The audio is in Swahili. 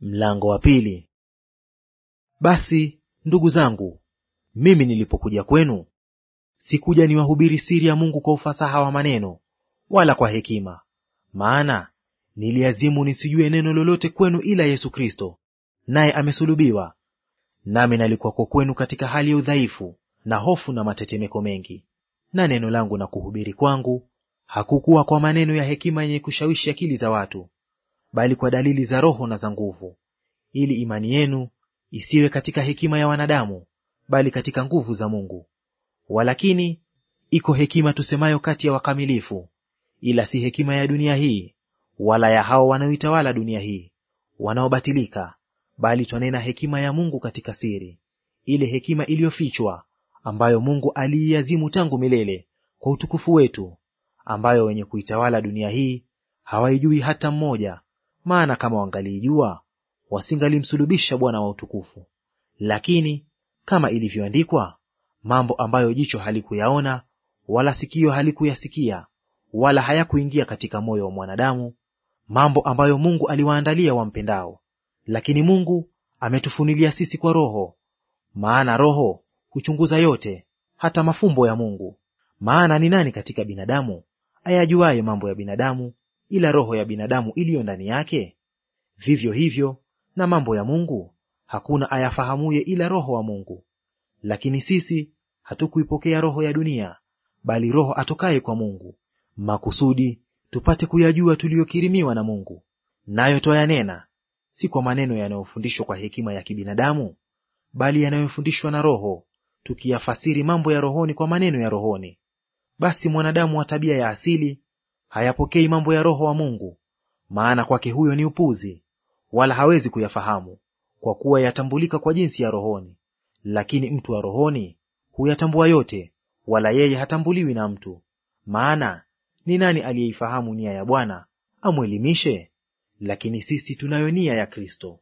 Mlango wa pili. Basi ndugu zangu, mimi nilipokuja kwenu sikuja niwahubiri siri ya Mungu kwa ufasaha wa maneno wala kwa hekima, maana niliazimu nisijue neno lolote kwenu ila Yesu Kristo, naye amesulubiwa. Nami nalikuwako kwenu katika hali ya udhaifu na hofu na matetemeko mengi. Na neno langu na kuhubiri kwangu hakukuwa kwa maneno ya hekima yenye kushawishi akili za watu, bali kwa dalili za Roho na za nguvu, ili imani yenu isiwe katika hekima ya wanadamu, bali katika nguvu za Mungu. Walakini iko hekima tusemayo kati ya wakamilifu, ila si hekima ya dunia hii, wala ya hao wanaoitawala dunia hii, wanaobatilika, bali twanena hekima ya Mungu katika siri, ile hekima iliyofichwa, ambayo Mungu aliiazimu tangu milele kwa utukufu wetu, ambayo wenye kuitawala dunia hii hawaijui hata mmoja, maana kama wangaliijua wasingalimsulubisha Bwana wa utukufu. Lakini kama ilivyoandikwa, mambo ambayo jicho halikuyaona wala sikio halikuyasikia wala hayakuingia katika moyo wa mwanadamu, mambo ambayo Mungu aliwaandalia wampendao. Lakini Mungu ametufunilia sisi kwa Roho, maana Roho huchunguza yote, hata mafumbo ya Mungu. Maana ni nani katika binadamu ayajuaye mambo ya binadamu ila roho ya binadamu iliyo ndani yake, vivyo hivyo na mambo ya Mungu hakuna ayafahamuye ila Roho wa Mungu. Lakini sisi hatukuipokea roho ya dunia, bali Roho atokaye kwa Mungu, makusudi tupate kuyajua tuliyokirimiwa na Mungu. Nayo twayanena si kwa maneno yanayofundishwa kwa hekima ya kibinadamu, bali yanayofundishwa na Roho, tukiyafasiri mambo ya rohoni kwa maneno ya rohoni. Basi mwanadamu wa tabia ya asili hayapokei mambo ya Roho wa Mungu, maana kwake huyo ni upuzi, wala hawezi kuyafahamu, kwa kuwa yatambulika kwa jinsi ya rohoni. Lakini mtu wa rohoni huyatambua yote, wala yeye hatambuliwi na mtu. Maana ni nani aliyeifahamu nia ya Bwana amwelimishe? Lakini sisi tunayo nia ya Kristo.